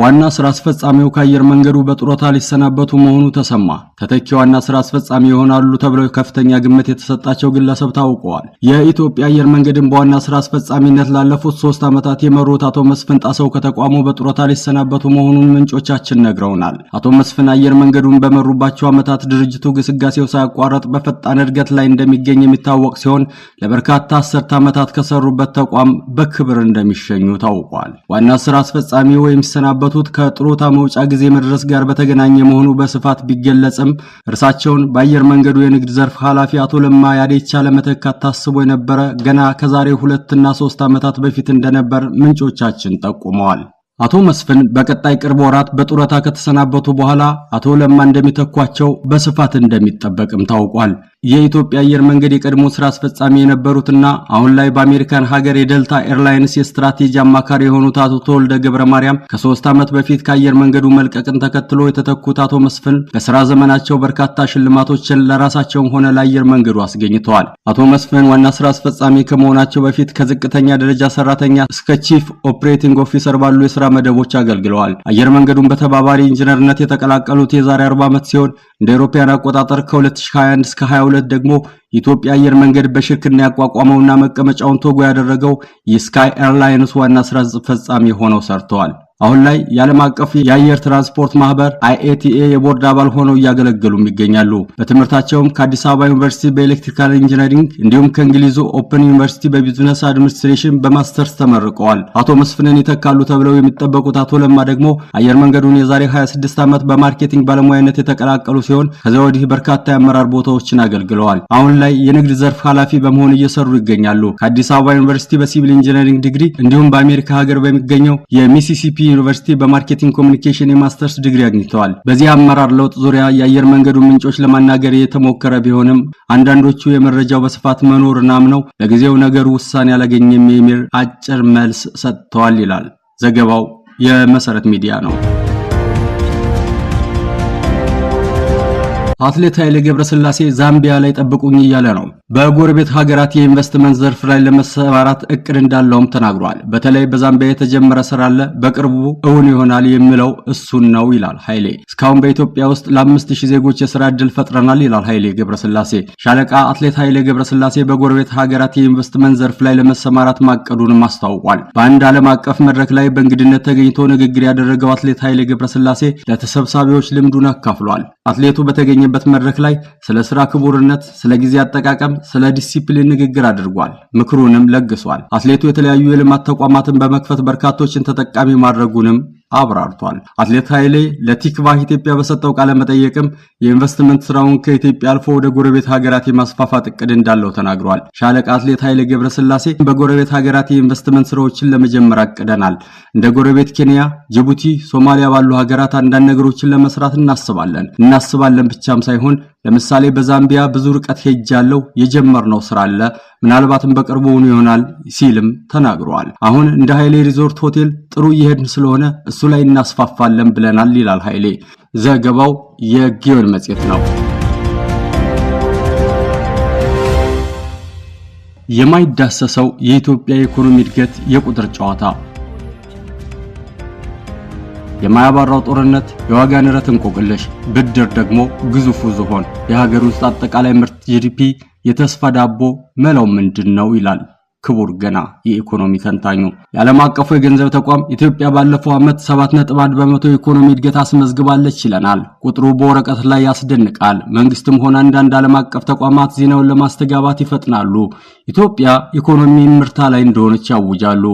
ዋና ስራ አስፈጻሚው ከአየር መንገዱ በጡረታ ሊሰናበቱ መሆኑ ተሰማ። ተተኪ ዋና ስራ አስፈጻሚ ይሆናሉ ተብለው ከፍተኛ ግምት የተሰጣቸው ግለሰብ ታውቀዋል። የኢትዮጵያ አየር መንገድን በዋና ስራ አስፈጻሚነት ላለፉት ሶስት ዓመታት የመሩት አቶ መስፍን ጣሰው ከተቋሙ በጡረታ ሊሰናበቱ መሆኑን ምንጮቻችን ነግረውናል። አቶ መስፍን አየር መንገዱን በመሩባቸው ዓመታት ድርጅቱ ግስጋሴው ሳያቋረጥ በፈጣን እድገት ላይ እንደሚገኝ የሚታወቅ ሲሆን ለበርካታ አስርተ ዓመታት ከሰሩበት ተቋም በክብር እንደሚሸኙ ታውቋል። ዋና ስራ አስፈጻሚ ወይም የተሰናበቱት ከጥሮታ መውጫ ጊዜ መድረስ ጋር በተገናኘ መሆኑ በስፋት ቢገለጽም እርሳቸውን በአየር መንገዱ የንግድ ዘርፍ ኃላፊ አቶ ለማ ያዴቻ ለመተካት ታስቦ የነበረ ገና ከዛሬ ሁለትና ሶስት ዓመታት በፊት እንደነበር ምንጮቻችን ጠቁመዋል። አቶ መስፍን በቀጣይ ቅርብ ወራት በጡረታ ከተሰናበቱ በኋላ አቶ ለማ እንደሚተኳቸው በስፋት እንደሚጠበቅም ታውቋል። የኢትዮጵያ አየር መንገድ የቀድሞ ስራ አስፈጻሚ የነበሩትና አሁን ላይ በአሜሪካን ሀገር የደልታ ኤርላይንስ የስትራቴጂ አማካሪ የሆኑት አቶ ተወልደ ገብረ ማርያም ከሶስት ዓመት በፊት ከአየር መንገዱ መልቀቅን ተከትሎ የተተኩት አቶ መስፍን በስራ ዘመናቸው በርካታ ሽልማቶችን ለራሳቸውም ሆነ ለአየር መንገዱ አስገኝተዋል። አቶ መስፍን ዋና ስራ አስፈጻሚ ከመሆናቸው በፊት ከዝቅተኛ ደረጃ ሰራተኛ እስከ ቺፍ ኦፕሬቲንግ ኦፊሰር ባሉ የስራ መደቦች አገልግለዋል። አየር መንገዱን በተባባሪ ኢንጂነርነት የተቀላቀሉት የዛሬ 40 ዓመት ሲሆን እንደ አውሮፓውያን አቆጣጠር ከ2021 እስከ ሁለት ደግሞ የኢትዮጵያ አየር መንገድ በሽርክና ያቋቋመውና መቀመጫውን ቶጎ ያደረገው የስካይ ኤርላይንስ ዋና ስራ አስፈጻሚ ሆነው ሰርተዋል። አሁን ላይ የዓለም አቀፍ የአየር ትራንስፖርት ማህበር አይኤቲኤ የቦርድ አባል ሆነው እያገለገሉም ይገኛሉ። በትምህርታቸውም ከአዲስ አበባ ዩኒቨርሲቲ በኤሌክትሪካል ኢንጂነሪንግ እንዲሁም ከእንግሊዙ ኦፕን ዩኒቨርሲቲ በቢዝነስ አድሚኒስትሬሽን በማስተርስ ተመርቀዋል። አቶ መስፍንን ይተካሉ ተብለው የሚጠበቁት አቶ ለማ ደግሞ አየር መንገዱን የዛሬ 26 ዓመት በማርኬቲንግ ባለሙያነት የተቀላቀሉ ሲሆን ከዚያ ወዲህ በርካታ የአመራር ቦታዎችን አገልግለዋል። አሁን ላይ የንግድ ዘርፍ ኃላፊ በመሆን እየሰሩ ይገኛሉ። ከአዲስ አበባ ዩኒቨርሲቲ በሲቪል ኢንጂነሪንግ ዲግሪ እንዲሁም በአሜሪካ ሀገር በሚገኘው የሚሲሲፒ ዩኒቨርሲቲ በማርኬቲንግ ኮሚኒኬሽን የማስተርስ ዲግሪ አግኝተዋል። በዚህ አመራር ለውጥ ዙሪያ የአየር መንገዱ ምንጮች ለማናገር የተሞከረ ቢሆንም አንዳንዶቹ የመረጃው በስፋት መኖሩን አምነው ለጊዜው ነገሩ ውሳኔ አላገኘም የሚል አጭር መልስ ሰጥተዋል ይላል ዘገባው። የመሰረት ሚዲያ ነው። አትሌት ኃይሌ ገብረስላሴ ዛምቢያ ላይ ጠብቁኝ እያለ ነው። በጎረቤት ሀገራት የኢንቨስትመንት ዘርፍ ላይ ለመሰማራት እቅድ እንዳለውም ተናግሯል። በተለይ በዛምቢያ የተጀመረ ስራ አለ፣ በቅርቡ እውን ይሆናል የሚለው እሱን ነው ይላል ኃይሌ። እስካሁን በኢትዮጵያ ውስጥ ለአምስት ሺህ ዜጎች የስራ ዕድል ፈጥረናል ይላል ኃይሌ ገብረስላሴ። ሻለቃ አትሌት ኃይሌ ገብረስላሴ በጎረቤት ሀገራት የኢንቨስትመንት ዘርፍ ላይ ለመሰማራት ማቀዱንም አስታውቋል። በአንድ ዓለም አቀፍ መድረክ ላይ በእንግድነት ተገኝቶ ንግግር ያደረገው አትሌት ኃይሌ ገብረስላሴ ለተሰብሳቢዎች ልምዱን አካፍሏል። አትሌቱ በተገኘበት መድረክ ላይ ስለ ስራ ክቡርነት፣ ስለ ጊዜ አጠቃቀም ስለ ዲሲፕሊን ንግግር አድርጓል። ምክሩንም ለግሷል። አትሌቱ የተለያዩ የልማት ተቋማትን በመክፈት በርካቶችን ተጠቃሚ ማድረጉንም አብራርቷል። አትሌት ኃይሌ ለቲክቫህ ኢትዮጵያ በሰጠው ቃለ መጠየቅም የኢንቨስትመንት ስራውን ከኢትዮጵያ አልፎ ወደ ጎረቤት ሀገራት የማስፋፋት እቅድ እንዳለው ተናግሯል። ሻለቃ አትሌት ኃይሌ ገብረስላሴ በጎረቤት ሀገራት የኢንቨስትመንት ስራዎችን ለመጀመር አቅደናል። እንደ ጎረቤት ኬንያ፣ ጅቡቲ፣ ሶማሊያ ባሉ ሀገራት አንዳንድ ነገሮችን ለመስራት እናስባለን። እናስባለን ብቻም ሳይሆን ለምሳሌ በዛምቢያ ብዙ ርቀት ሄጃለሁ። የጀመርነው ስራ አለ። ምናልባትም በቅርቡ ይሆናል ሲልም ተናግሯል። አሁን እንደ ኃይሌ ሪዞርት ሆቴል ጥሩ እየሄድን ስለሆነ እሱ ላይ እናስፋፋለን ብለናል ይላል ኃይሌ። ዘገባው የጊዮን መጽሔት ነው። የማይዳሰሰው የኢትዮጵያ የኢኮኖሚ እድገት የቁጥር ጨዋታ የማያባራው ጦርነት የዋጋ ንረት እንቆቅልሽ ብድር ደግሞ ግዙፉ ዝሆን የሀገር ውስጥ አጠቃላይ ምርት ጂዲፒ የተስፋ ዳቦ መላው ምንድን ነው ይላል ክቡር ገና የኢኮኖሚ ተንታኙ የዓለም አቀፉ የገንዘብ ተቋም ኢትዮጵያ ባለፈው ዓመት 7.1 በመቶ የኢኮኖሚ እድገት አስመዝግባለች ይለናል። ቁጥሩ በወረቀት ላይ ያስደንቃል። መንግስትም ሆነ አንዳንድ ዓለም አቀፍ ተቋማት ዜናውን ለማስተጋባት ይፈጥናሉ። ኢትዮጵያ ኢኮኖሚ ምርታ ላይ እንደሆነች ያውጃሉ።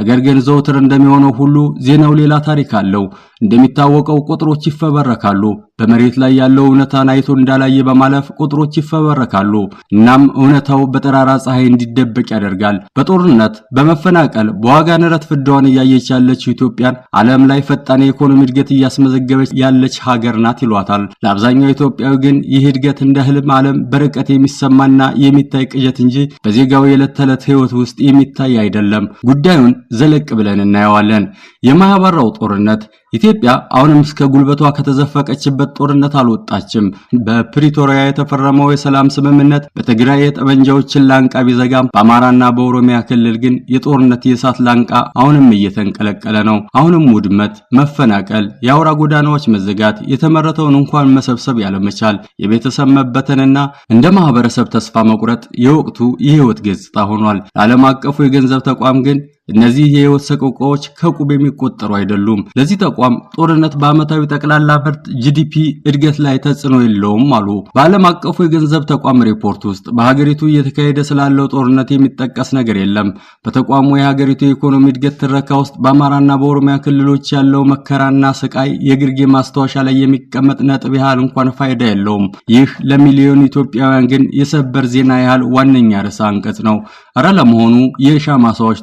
ነገር ግን ዘውትር እንደሚሆነው ሁሉ ዜናው ሌላ ታሪክ አለው። እንደሚታወቀው ቁጥሮች ይፈበረካሉ። በመሬት ላይ ያለው እውነታን አይቶ እንዳላየ በማለፍ ቁጥሮች ይፈበረካሉ። እናም እውነታው በጠራራ ፀሐይ እንዲደበቅ ያደርጋል። በጦርነት በመፈናቀል፣ በዋጋ ንረት ፍዳዋን እያየች ያለችው ኢትዮጵያን ዓለም ላይ ፈጣን የኢኮኖሚ እድገት እያስመዘገበች ያለች ሀገር ናት ይሏታል። ለአብዛኛው ኢትዮጵያዊ ግን ይህ እድገት እንደ ህልም ዓለም በርቀት የሚሰማና የሚታይ ቅዠት እንጂ በዜጋው የዕለት ተዕለት ህይወት ውስጥ የሚታይ አይደለም። ጉዳዩን ዘለቅ ብለን እናየዋለን። የማያባራው ጦርነት ኢትዮጵያ አሁንም እስከ ጉልበቷ ከተዘፈቀችበት ጦርነት አልወጣችም። በፕሪቶሪያ የተፈረመው የሰላም ስምምነት በትግራይ የጠመንጃዎችን ላንቃ ቢዘጋም በአማራና በኦሮሚያ ክልል ግን የጦርነት የእሳት ላንቃ አሁንም እየተንቀለቀለ ነው። አሁንም ውድመት፣ መፈናቀል፣ የአውራ ጎዳናዎች መዘጋት፣ የተመረተውን እንኳን መሰብሰብ ያለመቻል፣ የቤተሰብ መበተንና እንደ ማህበረሰብ ተስፋ መቁረጥ የወቅቱ የህይወት ገጽታ ሆኗል። ለዓለም አቀፉ የገንዘብ ተቋም ግን እነዚህ የህይወት ሰቆቃዎች ከቁብ የሚቆጠሩ አይደሉም። ለዚህ ተቋም ጦርነት በአመታዊ ጠቅላላ ምርት ጂዲፒ እድገት ላይ ተጽዕኖ የለውም አሉ። በዓለም አቀፉ የገንዘብ ተቋም ሪፖርት ውስጥ በሀገሪቱ እየተካሄደ ስላለው ጦርነት የሚጠቀስ ነገር የለም። በተቋሙ የሀገሪቱ የኢኮኖሚ እድገት ትረካ ውስጥ በአማራና በኦሮሚያ ክልሎች ያለው መከራና ስቃይ የግርጌ ማስታወሻ ላይ የሚቀመጥ ነጥብ ያህል እንኳን ፋይዳ የለውም። ይህ ለሚሊዮን ኢትዮጵያውያን ግን የሰበር ዜና ያህል ዋነኛ ርዕሰ አንቀጽ ነው። እረ ለመሆኑ የሻማ ሰዎች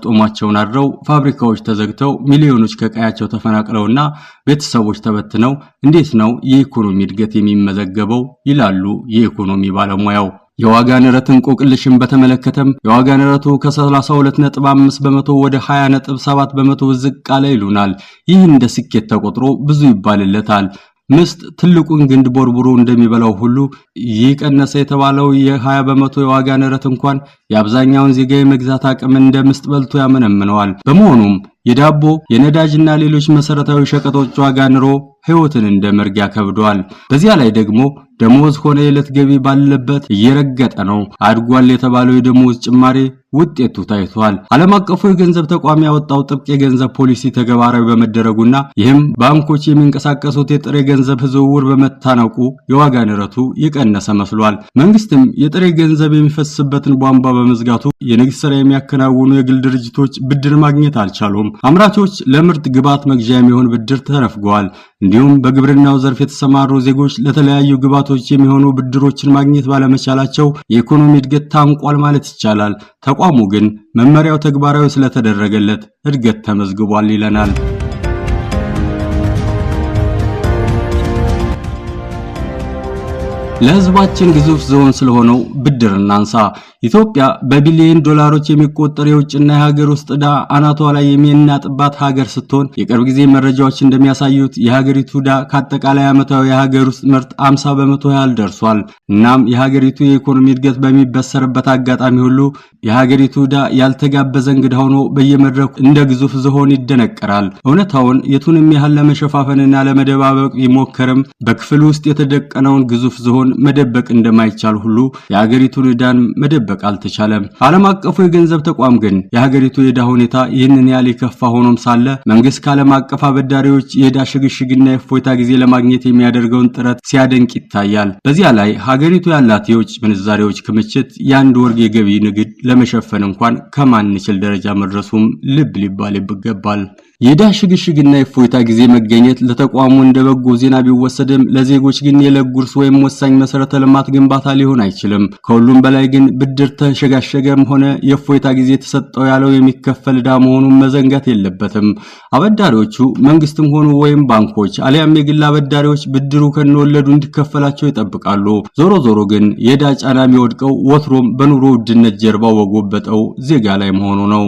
ብቻቸውን አድረው ፋብሪካዎች ተዘግተው ሚሊዮኖች ከቀያቸው ተፈናቅለውና ቤተሰቦች ተበትነው እንዴት ነው የኢኮኖሚ እድገት የሚመዘገበው? ይላሉ የኢኮኖሚ ባለሙያው። የዋጋ ንረት እንቆቅልሽን በተመለከተም የዋጋ ንረቱ ከ32.5 በመቶ ወደ 20.7 በመቶ ዝቅ አለ ይሉናል። ይህ እንደ ስኬት ተቆጥሮ ብዙ ይባልለታል። ምስጥ ትልቁን ግንድ ቦርቡሮ እንደሚበላው ሁሉ ይህ ቀነሰ የተባለው የ20 በመቶ የዋጋ ንረት እንኳን የአብዛኛውን ዜጋ የመግዛት አቅም እንደ ምስጥ በልቶ ያመነምነዋል። በመሆኑም የዳቦ የነዳጅና ሌሎች መሰረታዊ ሸቀጦች ዋጋ ንሮ ህይወትን እንደ መርግ ያከብደዋል። በዚያ ላይ ደግሞ ደሞዝ ሆነ የዕለት ገቢ ባለበት እየረገጠ ነው። አድጓል የተባለው የደሞዝ ጭማሬ ውጤቱ ታይቷል። ዓለም አቀፉ የገንዘብ ተቋም ያወጣው ጥብቅ የገንዘብ ፖሊሲ ተግባራዊ በመደረጉና ይህም ባንኮች የሚንቀሳቀሱት የጥሬ ገንዘብ ዝውውር በመታነቁ የዋጋ ንረቱ የቀነሰ መስሏል። መንግስትም የጥሬ ገንዘብ የሚፈስበትን ቧንቧ በመዝጋቱ የንግድ ስራ የሚያከናውኑ የግል ድርጅቶች ብድር ማግኘት አልቻሉም። አምራቾች ለምርት ግብዓት መግዣ የሚሆን ብድር ተነፍገዋል። እንዲሁም በግብርናው ዘርፍ የተሰማሩ ዜጎች ለተለያዩ ግብዓቶች የሚሆኑ ብድሮችን ማግኘት ባለመቻላቸው የኢኮኖሚ እድገት ታንቋል ማለት ይቻላል። ተቋሙ ግን መመሪያው ተግባራዊ ስለተደረገለት እድገት ተመዝግቧል ይለናል። ለህዝባችን ግዙፍ ዝሆን ስለሆነው ብድር እናንሳ። ኢትዮጵያ በቢሊዮን ዶላሮች የሚቆጠር የውጭና የሀገር ውስጥ ዕዳ አናቷ ላይ የሚናጥባት ሀገር ስትሆን የቅርብ ጊዜ መረጃዎች እንደሚያሳዩት የሀገሪቱ ዕዳ ከአጠቃላይ ዓመታዊ የሀገር ውስጥ ምርት 50 በመቶ ያህል ደርሷል። እናም የሀገሪቱ የኢኮኖሚ እድገት በሚበሰርበት አጋጣሚ ሁሉ የሀገሪቱ ዕዳ ያልተጋበዘ እንግዳ ሆኖ በየመድረኩ እንደ ግዙፍ ዝሆን ይደነቀራል። እውነታውን የቱንም ያህል ለመሸፋፈንና ለመደባበቅ ቢሞከርም በክፍል ውስጥ የተደቀነውን ግዙፍ ዝሆን መሆኑን መደበቅ እንደማይቻል ሁሉ የሀገሪቱን ዕዳን መደበቅ አልተቻለም። ዓለም አቀፉ የገንዘብ ተቋም ግን የሀገሪቱ የዕዳ ሁኔታ ይህንን ያህል የከፋ ሆኖም ሳለ መንግስት ከዓለም አቀፍ አበዳሪዎች የዕዳ ሽግሽግና የእፎይታ ጊዜ ለማግኘት የሚያደርገውን ጥረት ሲያደንቅ ይታያል። በዚያ ላይ ሀገሪቱ ያላት የውጭ ምንዛሬዎች ክምችት የአንድ ወርግ የገቢ ንግድ ለመሸፈን እንኳን ከማንችል ደረጃ መድረሱም ልብ ሊባል ይገባል። የዕዳ ሽግሽግና የእፎይታ ጊዜ መገኘት ለተቋሙ እንደ በጎ ዜና ቢወሰድም ለዜጎች ግን የዕለት ጉርስ ወይም ወሳኝ መሰረተ ልማት ግንባታ ሊሆን አይችልም። ከሁሉም በላይ ግን ብድር ተሸጋሸገም ሆነ የእፎይታ ጊዜ ተሰጠው ያለው የሚከፈል ዕዳ መሆኑን መዘንጋት የለበትም። አበዳሪዎቹ መንግስትም ሆኑ ወይም ባንኮች አሊያም የግል አበዳሪዎች ብድሩ ከነወለዱ እንዲከፈላቸው ይጠብቃሉ። ዞሮ ዞሮ ግን የዕዳ ጫና የሚወድቀው ወትሮም በኑሮ ውድነት ጀርባ ወጎበጠው ዜጋ ላይ መሆኑ ነው።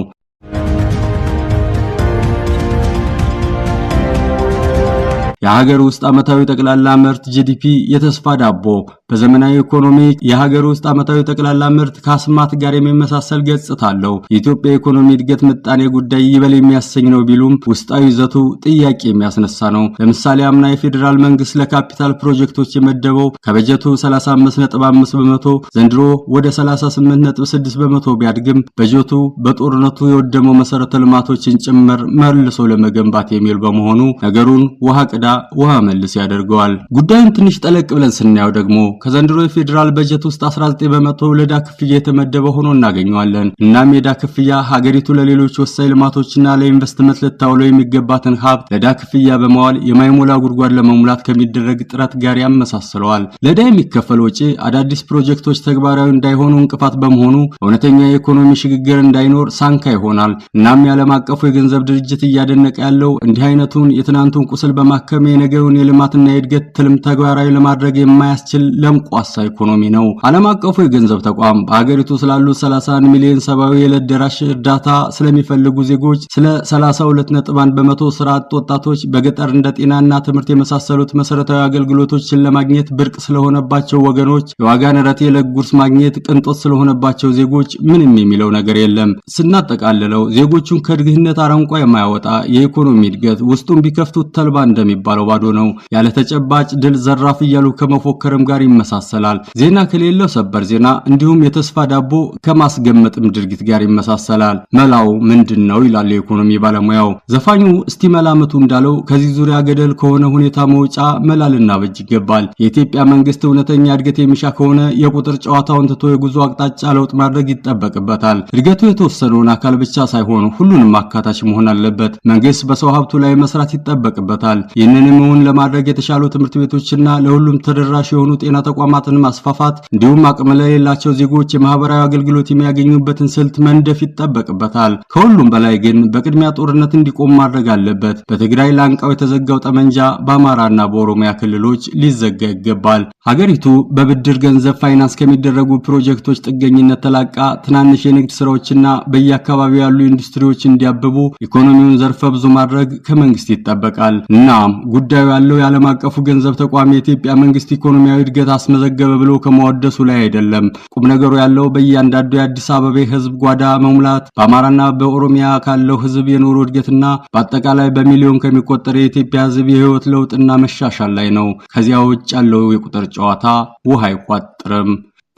የሀገር ውስጥ ዓመታዊ ጠቅላላ ምርት ጂዲፒ የተስፋ ዳቦ በዘመናዊ ኢኮኖሚ የሀገር ውስጥ ዓመታዊ ጠቅላላ ምርት ከአስማት ጋር የሚመሳሰል ገጽታ አለው። የኢትዮጵያ ኢኮኖሚ እድገት ምጣኔ ጉዳይ ይበል የሚያሰኝ ነው ቢሉም ውስጣዊ ይዘቱ ጥያቄ የሚያስነሳ ነው። ለምሳሌ አምና የፌዴራል መንግስት ለካፒታል ፕሮጀክቶች የመደበው ከበጀቱ 35.5 በመቶ ዘንድሮ ወደ 38.6 በመቶ ቢያድግም በጀቱ በጦርነቱ የወደመው መሰረተ ልማቶችን ጭምር መልሶ ለመገንባት የሚል በመሆኑ ነገሩን ውሃ ቅዳ ውሃ መልስ ያደርገዋል። ጉዳዩን ትንሽ ጠለቅ ብለን ስናየው ደግሞ ከዘንድሮ የፌዴራል በጀት ውስጥ 19 በመቶ ለዕዳ ክፍያ የተመደበ ሆኖ እናገኘዋለን። እናም የዕዳ ክፍያ ሀገሪቱ ለሌሎች ወሳኝ ልማቶችና ለኢንቨስትመንት ልታውለው የሚገባትን ሀብት ለዕዳ ክፍያ በመዋል የማይሞላ ጉድጓድ ለመሙላት ከሚደረግ ጥረት ጋር ያመሳስለዋል። ለዕዳ የሚከፈል ወጪ አዳዲስ ፕሮጀክቶች ተግባራዊ እንዳይሆኑ እንቅፋት በመሆኑ እውነተኛ የኢኮኖሚ ሽግግር እንዳይኖር ሳንካ ይሆናል። እናም የዓለም አቀፉ የገንዘብ ድርጅት እያደነቀ ያለው እንዲህ አይነቱን የትናንቱን ቁስል በማከም የነገውን የልማትና የእድገት ትልም ተግባራዊ ለማድረግ የማያስችል ለምቋሳ ኢኮኖሚ ነው። ዓለም አቀፉ የገንዘብ ተቋም በሀገሪቱ ስላሉ 31 ሚሊዮን ሰብአዊ የዕለት ደራሽ እርዳታ ስለሚፈልጉ ዜጎች፣ ስለ 32.1 በመቶ ስራ አጥ ወጣቶች፣ በገጠር እንደ ጤናና ትምህርት የመሳሰሉት መሰረታዊ አገልግሎቶችን ለማግኘት ብርቅ ስለሆነባቸው ወገኖች፣ የዋጋ ንረት የዕለት ጉርስ ማግኘት ቅንጦት ስለሆነባቸው ዜጎች ምንም የሚለው ነገር የለም። ስናጠቃልለው ዜጎቹን ከድህነት አረንቋ የማያወጣ የኢኮኖሚ እድገት ውስጡን ቢከፍቱት ተልባ እንደሚባል ባዶ ባዶ ነው። ያለ ተጨባጭ ድል ዘራፍ እያሉ ከመፎከርም ጋር ይመሳሰላል። ዜና ከሌለው ሰበር ዜና እንዲሁም የተስፋ ዳቦ ከማስገመጥም ድርጊት ጋር ይመሳሰላል። መላው ምንድን ነው ይላል የኢኮኖሚ ባለሙያው። ዘፋኙ እስቲ መላመቱ እንዳለው ከዚህ ዙሪያ ገደል ከሆነ ሁኔታ መውጫ መላ ልናበጅ ይገባል። የኢትዮጵያ መንግስት እውነተኛ እድገት የሚሻ ከሆነ የቁጥር ጨዋታውን ትቶ የጉዞ አቅጣጫ ለውጥ ማድረግ ይጠበቅበታል። እድገቱ የተወሰነውን አካል ብቻ ሳይሆን ሁሉንም አካታች መሆን አለበት። መንግስት በሰው ሀብቱ ላይ መስራት ይጠበቅበታል። ይህን ይህንንም እውን ለማድረግ የተሻሉ ትምህርት ቤቶችና ለሁሉም ተደራሽ የሆኑ ጤና ተቋማትን ማስፋፋት እንዲሁም አቅም ለሌላቸው ዜጎች የማህበራዊ አገልግሎት የሚያገኙበትን ስልት መንደፍ ይጠበቅበታል። ከሁሉም በላይ ግን በቅድሚያ ጦርነት እንዲቆም ማድረግ አለበት። በትግራይ ላንቃው የተዘጋው ጠመንጃ በአማራና በኦሮሚያ ክልሎች ሊዘጋ ይገባል። ሀገሪቱ በብድር ገንዘብ ፋይናንስ ከሚደረጉ ፕሮጀክቶች ጥገኝነት ተላቃ ትናንሽ የንግድ ስራዎችና በየአካባቢው ያሉ ኢንዱስትሪዎች እንዲያብቡ ኢኮኖሚውን ዘርፈ ብዙ ማድረግ ከመንግስት ይጠበቃል። እናም ጉዳዩ ያለው የዓለም አቀፉ ገንዘብ ተቋም የኢትዮጵያ መንግስት ኢኮኖሚያዊ እድገት አስመዘገበ ብሎ ከመወደሱ ላይ አይደለም። ቁም ነገሩ ያለው በእያንዳንዱ የአዲስ አበባ ህዝብ ጓዳ መሙላት፣ በአማራና በኦሮሚያ ካለው ህዝብ የኑሮ እድገትና በአጠቃላይ በሚሊዮን ከሚቆጠር የኢትዮጵያ ህዝብ የህይወት ለውጥና መሻሻል ላይ ነው። ከዚያ ውጭ ያለው የቁጥር ጨዋታ ውሃ አይቋጥርም።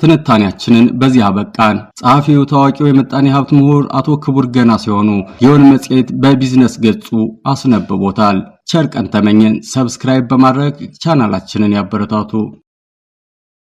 ትንታኔያችንን በዚህ አበቃን። ጸሐፊው ታዋቂው የምጣኔ ሀብት ምሁር አቶ ክቡር ገና ሲሆኑ የሆን መጽሔት በቢዝነስ ገጹ አስነብቦታል። ቸር ቀን ተመኘን። ሰብስክራይብ በማድረግ ቻናላችንን ያበረታቱ።